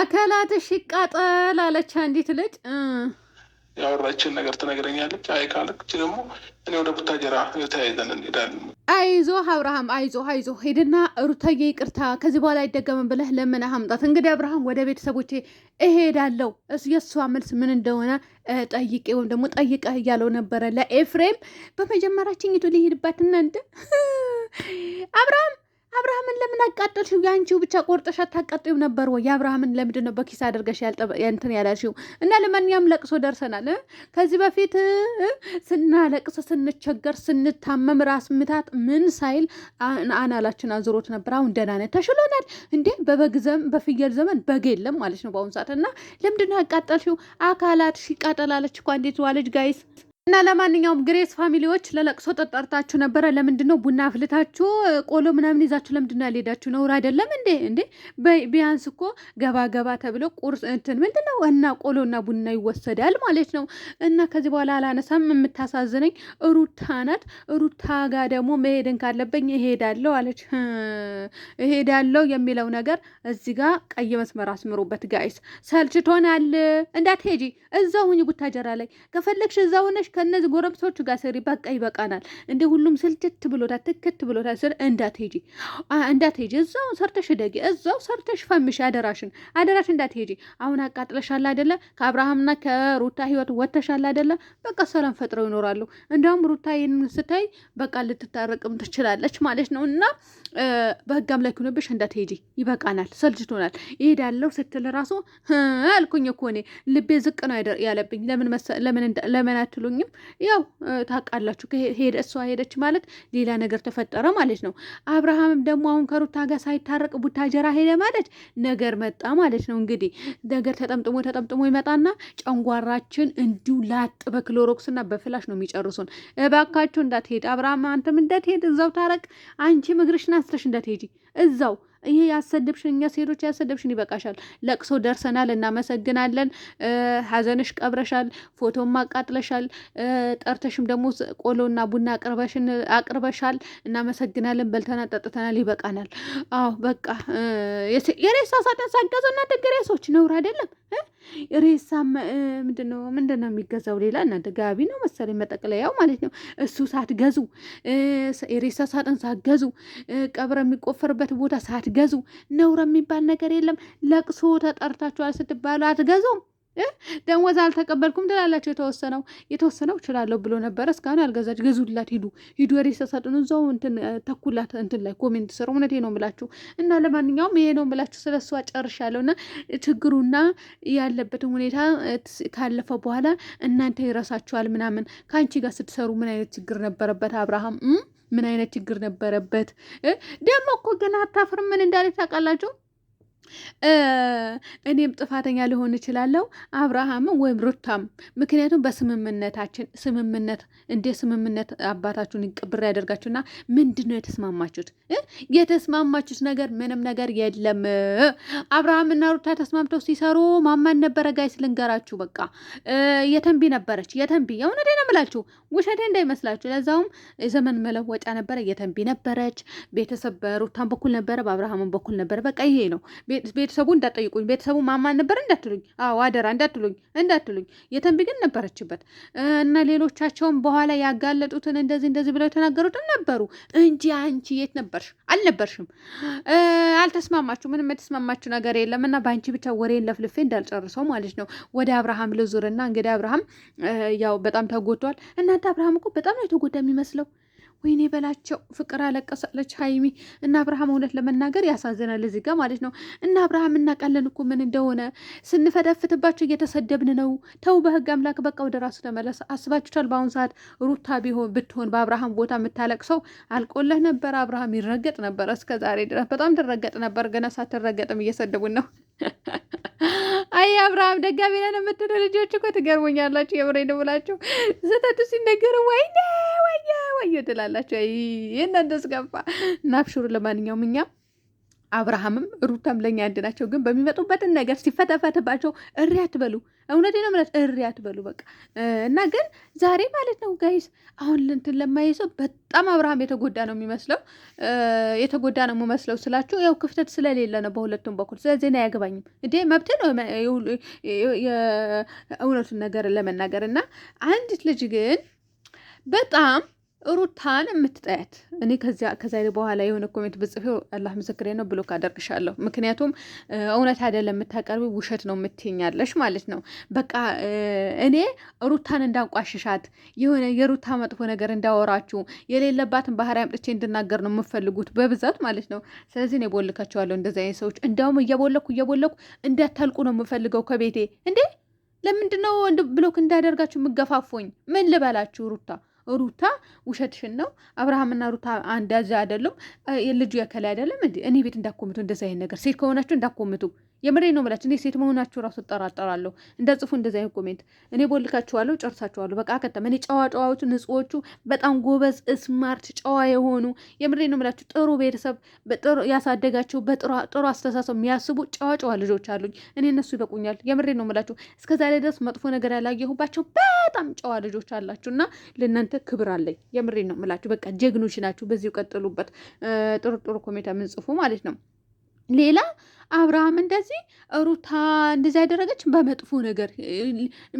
አካላትሽ ይቃጠል አለች አንዲት ልጅ። ያወራችን ነገር ትነግረኛለች። አይ ካለች ደግሞ እኔ ወደ ቡታጀራ ተያይዘን እንሄዳለን። አይዞህ አብርሃም፣ አይዞህ አይዞህ። ሄድና ሩታዬ ይቅርታ ከዚህ በኋላ አይደገምም ብለህ ለምን አምጣት። እንግዲህ አብርሃም ወደ ቤተሰቦቼ እሄዳለሁ፣ የእሷ መልስ ምን እንደሆነ ጠይቄ ወይም ደግሞ ጠይቀ እያለው ነበረ ለኤፍሬም። በመጀመሪያችን ይቱ ሊሄድባትና እንደ አብርሃም አብርሃምን ለምን አቃጠልሽው? የአንቺው ብቻ ቆርጠሽ አታቃጥይው ነበር ወይ? የአብርሃምን ለምንድን ነው በኪስ አድርገሽ እንትን ያላልሽው? እና ለማንኛውም ለቅሶ ደርሰናል። ከዚህ በፊት ስናለቅስ፣ ስንቸገር፣ ስንታመም ራስ ምታት ምን ሳይል አናላችን አዝሮት ነበር። አሁን ደህና ነን፣ ተሽሎናል። እንዴ በበግ ዘመን በፍየል ዘመን በግ የለም ማለት ነው በአሁኑ ሰዓት። እና ለምንድን ነው ያቃጠልሽው? አካላት ሺ ቃጠላለች እኮ እንዴት ዋለች ጋይስ እና ለማንኛውም ግሬስ ፋሚሊዎች ለለቅሶ ተጠርታችሁ ነበረ። ለምንድን ነው ቡና አፍልታችሁ ቆሎ ምናምን ይዛችሁ ለምንድን ነው ያልሄዳችሁ? ነውር አይደለም እንዴ? እንዴ ቢያንስ እኮ ገባ ገባ ተብሎ ቁርስ እንትን ምንድን ነው እና ቆሎ እና ቡና ይወሰዳል ማለት ነው። እና ከዚህ በኋላ አላነሳም። የምታሳዝነኝ ሩታ ናት። ሩታ ጋ ደግሞ መሄድን ካለበኝ እሄዳለሁ አለች። እሄዳለሁ የሚለው ነገር እዚህ ጋ ቀይ መስመር አስምሩበት። ጋይስ ሰልችቶናል። እንዳትሄጂ እዛው ሁኚ፣ ቡታጀራ ላይ ከፈለግሽ እዛው ነሽ ከእነዚህ ጎረምሶቹ ጋር ስሪ። በቃ ይበቃናል። እንደ ሁሉም ስልችት ብሎታል፣ ትክት ብሎታል። ስር እንዳትሄጂ እንዳትሄጂ፣ እዛው ሰርተሽ ደጊ፣ እዛው ሰርተሽ ፈምሽ። አደራሽን አደራሽን እንዳትሄጂ። አሁን አቃጥለሻል አይደለ? ከአብርሃምና ከሩታ ህይወት ወተሻል አይደለ? በቃ ሰላም ፈጥረው ይኖራሉ። እንዲሁም ሩታ ይህንን ስታይ በቃ ልትታረቅም ትችላለች ማለት ነው እና በህግ አምላክ ሆነብሽ እንዳትሄጂ ይበቃናል፣ ሰልችቶናል፣ ይሄዳለሁ ስትል ራሱ አልኩኝ እኮ እኔ ልቤ ዝቅ ነው ያለብኝ። ለምን አትሉኝም? ያው ታውቃላችሁ፣ እሷ ሄደች ማለት ሌላ ነገር ተፈጠረ ማለት ነው። አብርሃምም ደግሞ አሁን ከሩታ ጋር ሳይታረቅ ቡታጀራ ሄደ ማለት ነገር መጣ ማለት ነው። እንግዲህ ነገር ተጠምጥሞ ተጠምጥሞ ይመጣና ጨንጓራችን እንዲሁ ላጥ በክሎሮክስና በፍላሽ ነው የሚጨርሱን። እባካችሁ እንዳትሄድ አብርሃም፣ አንተም እንዳትሄድ እዛው ታረቅ። አንቺ ምግርሽና አንስተሽ እንዳትሄጂ እዛው ይሄ ያሰደብሽን እኛ ሴቶች ያሰደብሽን ይበቃሻል። ለቅሶ ደርሰናል፣ እናመሰግናለን። ሀዘንሽ ቀብረሻል፣ ፎቶም አቃጥለሻል፣ ጠርተሽም ደግሞ ቆሎና ቡና አቅርበሻል። እናመሰግናለን። በልተና ጠጥተናል፣ ይበቃናል። አዎ በቃ የሬሳ ሳጥን ሳገዙ እናንተ ግሬሶች ነውር አይደለም። ሬሳ ምንድነው ምንድነው የሚገዛው ሌላ? እናንተ ጋቢ ነው መሰለኝ መጠቅለያው ማለት ነው። እሱ ሳትገዙ የሬሳ ሳጥን ሳትገዙ ቀብረ የሚቆፈርበት ቦታ ሳት አትገዙ። ነውር የሚባል ነገር የለም። ለቅሶ ተጠርታችኋል ስትባሉ አትገዙም። ደሞዝ አልተቀበልኩም ትላላችሁ። የተወሰነው የተወሰነው እችላለሁ ብሎ ነበረ እስካሁን ያልገዛች ገዙላት። ሂዱ ሂዱ ወሬ ሰሰጥኑ እዛው ተኩላት እንትን ላይ ኮሜንት ስሩ። እውነቴ ነው ምላችሁ እና ለማንኛውም ይሄ ነው ምላችሁ ስለ እሷ ጨርሻለሁ። እና ችግሩና ያለበትን ሁኔታ ካለፈ በኋላ እናንተ ይረሳችኋል ምናምን። ከአንቺ ጋር ስትሰሩ ምን አይነት ችግር ነበረበት አብርሃም? ምን አይነት ችግር ነበረበት? ደግሞ እኮ ገና አታፍርም። ምን እንዳለ ታውቃላችሁ? እኔም ጥፋተኛ ሊሆን እችላለሁ አብርሃምም ወይም ሩታም። ምክንያቱም በስምምነታችን ስምምነት እንደ ስምምነት አባታችሁን ቅብር ያደርጋችሁና ምንድን ነው የተስማማችሁት? የተስማማችሁት ነገር ምንም ነገር የለም። አብርሃምና ሩታ ተስማምተው ሲሰሩ ማማን ነበረ? ጋይስ ልንገራችሁ፣ በቃ የተንቢ ነበረች። የተንቢ የእውነቴ ነው የምላችሁ፣ ውሸቴ እንዳይመስላችሁ። ለዛውም ዘመን መለወጫ ነበረ። የተንቢ ነበረች። ቤተሰብ በሩታን በኩል ነበረ፣ በአብርሃምን በኩል ነበረ። በቃ ይሄ ነው ቤተሰቡ እንዳጠይቁኝ ቤተሰቡ ማማን ነበር እንዳትሉኝ፣ አዎ አደራ እንዳትሉኝ እንዳትሉኝ። የተንቢ ግን ነበረችበት እና ሌሎቻቸውን በኋላ ያጋለጡትን እንደዚህ እንደዚህ ብለው የተናገሩትን ነበሩ እንጂ አንቺ የት ነበርሽ? አልነበርሽም። አልተስማማችሁ፣ ምንም የተስማማችሁ ነገር የለም። እና በአንቺ ብቻ ወሬን ለፍልፌ እንዳልጨርሰው ማለት ነው ወደ አብርሃም ልዙርና እንግዲህ አብርሃም ያው በጣም ተጎድቷል። እናንተ አብርሃም እኮ በጣም ነው የተጎዳ የሚመስለው ወይኔ በላቸው ፍቅር አለቀሳለች ሀይሚ እና አብርሃም። እውነት ለመናገር ያሳዝናል እዚህ ጋር ማለት ነው። እና አብርሃም እናቃለን እኮ ምን እንደሆነ ስንፈደፍትባቸው እየተሰደብን ነው። ተው በህግ አምላክ፣ በቃ ወደ ራሱ ተመለሰ። አስባችሁታል? በአሁኑ ሰዓት ሩታ ቢሆን ብትሆን በአብርሃም ቦታ የምታለቅሰው አልቆለህ ነበር። አብርሃም ይረገጥ ነበር እስከ ዛሬ ድረስ በጣም ትረገጥ ነበር። ገና ሳትረገጥም እየሰደቡን ነው። አይ አብርሃም ደጋሚ ነን የምትሉ ልጆች እኮ ትገርሞኛላችሁ የምሬን ብላችሁ ስህተቱ ሲነገር ወይኔ ትላላችሁ? የእናንተ ስገባ ናብሽሩ። ለማንኛውም እኛ አብርሃምም ሩታም ለእኛ አንድ ናቸው። ግን በሚመጡበትን ነገር ሲፈተፈትባቸው እሪ አትበሉ። እውነቴ ነው ማለት እሪ አትበሉ። በቃ እና ግን ዛሬ ማለት ነው ጋይስ፣ አሁን እንትን ለማይዘው በጣም አብርሃም የተጎዳ ነው የሚመስለው። የተጎዳ ነው የሚመስለው ስላችሁ ያው ክፍተት ስለሌለ ነው በሁለቱም በኩል። ስለዚህ እኔ አያገባኝም እንዴ መብት ነው የእውነቱን ነገር ለመናገር እና አንዲት ልጅ ግን በጣም ሩታን የምትጠያት እኔ ከዚያ ከዛ በኋላ የሆነ ኮሜንት ብጽፌው አላህ ምስክሬ ነው ብሎክ አደርግሻለሁ። ምክንያቱም እውነት አይደለም የምታቀርቢ ውሸት ነው የምትኛለሽ ማለት ነው። በቃ እኔ ሩታን እንዳንቋሽሻት የሆነ የሩታ መጥፎ ነገር እንዳወራችሁ የሌለባትን ባህሪ አምጥቼ እንድናገር ነው የምፈልጉት በብዛት ማለት ነው። ስለዚህ እኔ ቦልካቸዋለሁ እንደዚህ አይነት ሰዎች። እንዲያውም እየቦለኩ እየቦለኩ እንዳታልቁ ነው የምፈልገው ከቤቴ እንዴ። ለምንድነው ብሎክ እንዳደርጋችሁ የምገፋፎኝ? ምን ልበላችሁ ሩታ ሩታ ውሸትሽን ነው። አብርሃምና ሩታ አንዳዛ አይደለም። ልጁ ያከል አይደለም እኔ ቤት እንዳኮምቱ እንደዚ አይነት ነገር ሴት ከሆናችሁ እንዳኮምቱ የምሬ ነው ብላችሁ እኔ ሴት መሆናችሁ ራሱ እጠራጠራለሁ። ጽፉ እንደዚ አይነት ኮሜንት እኔ ቦልካችኋለሁ፣ ጨርሳችኋለሁ። በቃ ከተማ እኔ ጨዋ ጨዋዎቹ ንጹዎቹ፣ በጣም ጎበዝ ስማርት፣ ጨዋ የሆኑ የምሬ ነው ብላችሁ ጥሩ ቤተሰብ ያሳደጋቸው በጥሩ አስተሳሰብ የሚያስቡ ጨዋ ጨዋ ልጆች አሉኝ። እኔ እነሱ ይበቁኛል። የምሬ ነው የምላችሁ። እስከዛሬ ድረስ መጥፎ ነገር ያላየሁባቸው በጣም ጨዋ ልጆች አላችሁ እና ለእናንተ ክብር አለኝ። የምሬ ነው የምላችሁ። በቃ ጀግኖች ናችሁ። በዚሁ ቀጥሉበት። ጥሩ ጥሩ ኮሜንት የምንጽፉ ማለት ነው ሌላ አብርሃም እንደዚህ ሩታ እንደዚ ያደረገች በመጥፎ ነገር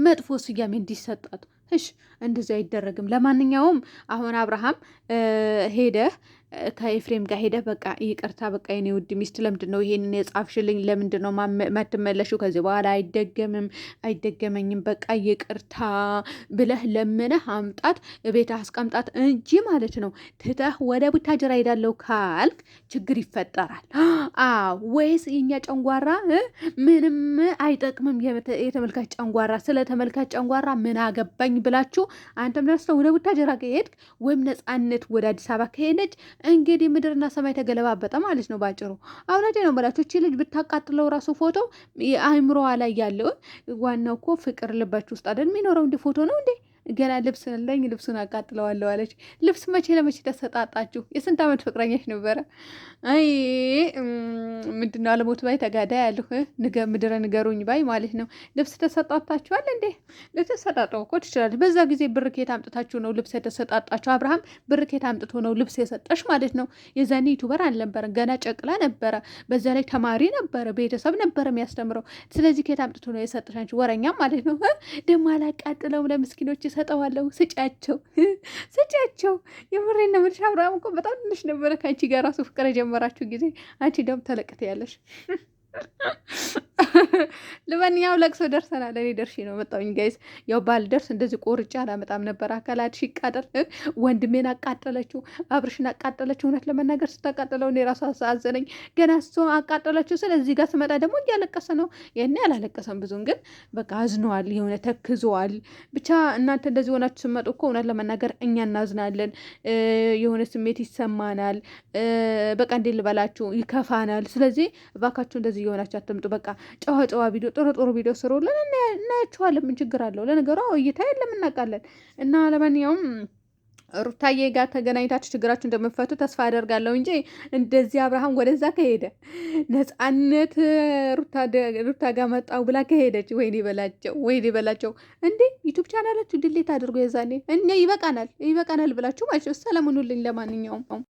መጥፎ ስያሜ እንዲሰጣት እሽ፣ እንደዚ አይደረግም። ለማንኛውም አሁን አብርሃም ሄደህ ከኤፍሬም ጋር ሄደ በቃ ይቅርታ፣ በቃ የኔ ውድ ሚስት ለምንድን ነው ይሄንን የጻፍሽልኝ? ለምንድን ነው ማትመለሹ ከዚህ በኋላ አይደገምም፣ አይደገመኝም፣ በቃ ይቅርታ ብለህ ለምነህ አምጣት፣ ቤት አስቀምጣት እንጂ ማለት ነው። ትተህ ወደ ቡታጅራ ሄዳለሁ ካልክ ችግር ይፈጠራል። አዎ ወይስ የኛ ጨንጓራ ምንም አይጠቅምም? የተመልካች ጨንጓራ ስለ ተመልካች ጨንጓራ ምን አገባኝ ብላችሁ አንተም ደርሰው ወደ ቡታጅራ ከሄድክ ወይም ነፃነት ወደ አዲስ አበባ ከሄደች እንግዲህ ምድርና ሰማይ ተገለባበጠ ማለት ነው ባጭሩ። አውረዴ ነው በላችሁ። እቺ ልጅ ብታቃጥለው ራሱ ፎቶ አይምሮዋ ላይ ያለውን ዋናው እኮ ፍቅር ልባችሁ ውስጥ አይደል የሚኖረው? እንዲ ፎቶ ነው እንዴ ገና ልብስ ለኝ ልብሱን አቃጥለዋለሁ አለች። ልብስ መቼ ለመቼ ተሰጣጣችሁ? የስንት ዓመት ፍቅረኛች ነበረ? አይ ምንድነው አለሞት ባይ ተጋዳ ያለሁ ምድረ ንገሩኝ ባይ ማለት ነው። ልብስ ተሰጣጣችኋል እንዴ? ልብስ እኮ ትችላለች። በዛ ጊዜ ብር ከየት አምጥታችሁ ነው ልብስ የተሰጣጣችሁ? አብርሃም ብር ከየት አምጥቶ ነው ልብስ የሰጠሽ ማለት ነው? የዛኔ ዩቱበር አልነበረ፣ ገና ጨቅላ ነበረ። በዛ ላይ ተማሪ ነበረ፣ ቤተሰብ ነበረ የሚያስተምረው። ስለዚህ ኬት አምጥቶ ነው የሰጠሽ? አንቺ ወረኛም ማለት ነው። ደግሞ አላቃጥለውም ለምስኪኖች እሰጠዋለሁ። ስጫቸው ስጫቸው። የምሬ ነው የምልሽ። አብርሃም እኮ በጣም ትንሽ ነበረ ከአንቺ ጋር ራሱ ፍቅር የጀመራችሁ ጊዜ አንቺ ደም ተለቅት ያለሽ ለማንኛውም ለቅሶ ደርሰናል። እኔ ደርሼ ነው መጣሁኝ ጋይስ። ያው ደርስ እንደዚህ ቆርጬ አላመጣም ነበር። አካላት ይቃጠል። ወንድሜን አቃጠለችው፣ አብርሽን አቃጠለችው። እውነት ለመናገር ስታቃጠለው እኔ ራሱ አዘነኝ። ገና እሱ አቃጠለችው። ስለዚህ ጋር ስመጣ ደግሞ እያለቀሰ ነው። ይህን አላለቀሰም ብዙም፣ ግን በቃ አዝኗል፣ የሆነ ተክዟል። ብቻ እናንተ እንደዚህ ሆናችሁ ስመጡ እኮ እውነት ለመናገር እኛ እናዝናለን፣ የሆነ ስሜት ይሰማናል። በቃ እንዴ ልበላችሁ፣ ይከፋናል። ስለዚህ እባካችሁ እንደዚህ እንደዚህ የሆናችሁ አትምጡ። በቃ ጨዋ ጨዋ ቪዲዮ፣ ጥሩ ጥሩ ቪዲዮ ስሩልን፣ እናያችኋለን። ምን ችግር አለው? ለነገሩ እይታ የለም እናውቃለን። እና ለማንኛውም ሩታዬ ጋር ተገናኝታችሁ ችግራችሁ እንደምፈቱ ተስፋ አደርጋለሁ እንጂ እንደዚህ አብርሃም ወደዛ ከሄደ ነፃነት ሩታ ጋር መጣው ብላ ከሄደች፣ ወይኔ በላቸው፣ ወይኔ በላቸው። እንዴ ዩቱብ ቻናላችሁ ድሌት አድርጎ የዛኔ እኛ ይበቃናል፣ ይበቃናል ብላችሁ ማለት ነው። ሰላም ሁኑልኝ። ለማንኛውም